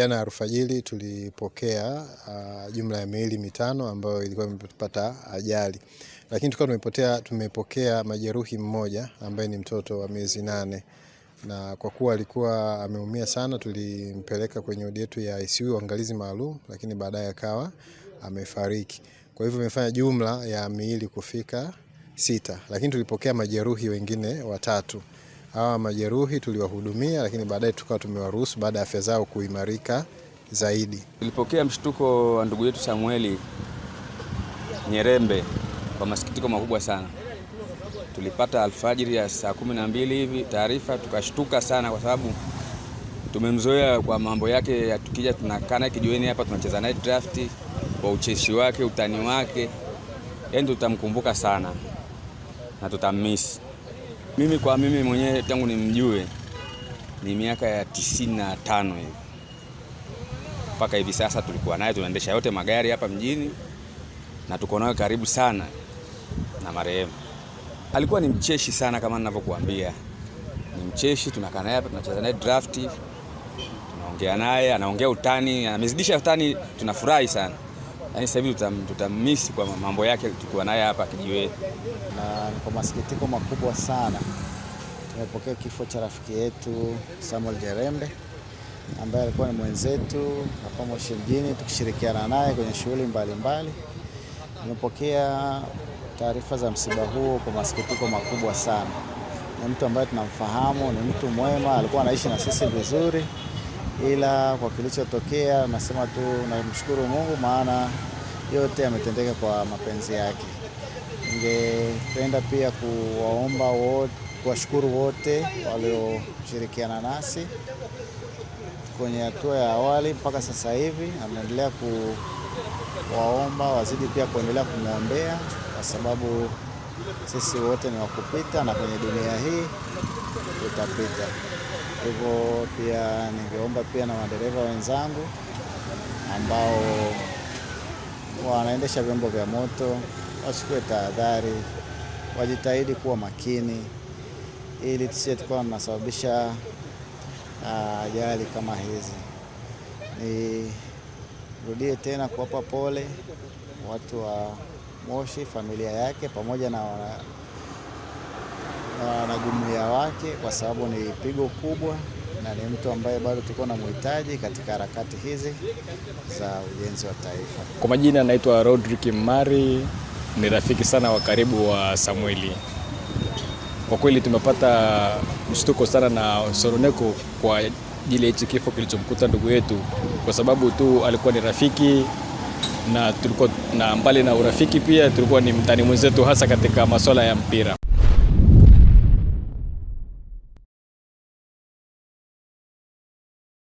Jana alfajiri tulipokea uh, jumla ya miili mitano ambayo ilikuwa imepata ajali, lakini tukawa tumepotea, tumepokea majeruhi mmoja ambaye ni mtoto wa miezi nane, na kwa kuwa alikuwa ameumia sana, tulimpeleka kwenye wodi yetu ya ICU uangalizi maalum, lakini baadaye akawa amefariki. Kwa hivyo imefanya jumla ya miili kufika sita, lakini tulipokea majeruhi wengine watatu. Hawa majeruhi tuliwahudumia, lakini baadaye tukawa tumewaruhusu baada ya afya zao kuimarika zaidi. Tulipokea mshtuko wa ndugu yetu Samueli Nyerembe kwa masikitiko makubwa sana. Tulipata alfajiri ya saa kumi na mbili hivi taarifa, tukashtuka sana kwa sababu tumemzoea kwa mambo yake, tukija tunakaa naye kijiweni hapa tunacheza naye draft, kwa ucheshi wake, utani wake, yaani tutamkumbuka sana na tutammisi. Mimi kwa mimi mwenyewe tangu nimjue ni miaka ya tisini na tano hivi mpaka hivi sasa, tulikuwa naye tunaendesha yote magari hapa mjini na tuko karibu sana na marehemu. Alikuwa ni mcheshi sana, kama ninavyokuambia, ni mcheshi. Tunakaa naye hapa, tunacheza naye drafti, tunaongea naye, anaongea utani, amezidisha utani, tunafurahi sana yani sasa hivi tutamisi kwa mambo yake tukiwa naye hapa kijiwe na kwa masikitiko makubwa sana tumepokea kifo cha rafiki yetu Samuel Jerembe ambaye alikuwa ni mwenzetu hapa Moshi mjini tukishirikiana naye kwenye shughuli mbalimbali. Tumepokea taarifa za msiba huo kwa masikitiko makubwa sana. Ni mtu ambaye tunamfahamu, ni mtu mwema, alikuwa anaishi na sisi vizuri ila kwa kilichotokea nasema tu namshukuru Mungu, maana yote yametendeka kwa mapenzi yake. Ningependa pia kuwaomba wote, kuwashukuru wote walioshirikiana nasi kwenye hatua ya awali mpaka sasa hivi. Ameendelea kuwaomba wazidi pia kuendelea kumwombea, kwa sababu sisi wote ni wakupita na kwenye dunia hii tutapita hivyo pia ningeomba pia na madereva wenzangu ambao wanaendesha vyombo vya moto wachukue tahadhari, wajitahidi kuwa makini ili tusije tukawa tunasababisha ah, ajali kama hizi. Nirudie tena kuwapa pole watu wa Moshi, familia yake pamoja na wana na jumuiya wake, kwa sababu ni pigo kubwa na ni mtu ambaye bado tulikuwa mhitaji katika harakati hizi za ujenzi wa taifa. Kwa majina anaitwa Rodrick Mari, ni rafiki sana wa karibu wa Samueli. Kwa kweli tumepata mshtuko sana na soroneko kwa ajili ya hichi kifo kilichomkuta ndugu yetu, kwa sababu tu alikuwa ni rafiki na tulikuwa na mbali na urafiki pia tulikuwa ni mtani mwenzetu hasa katika masuala ya mpira.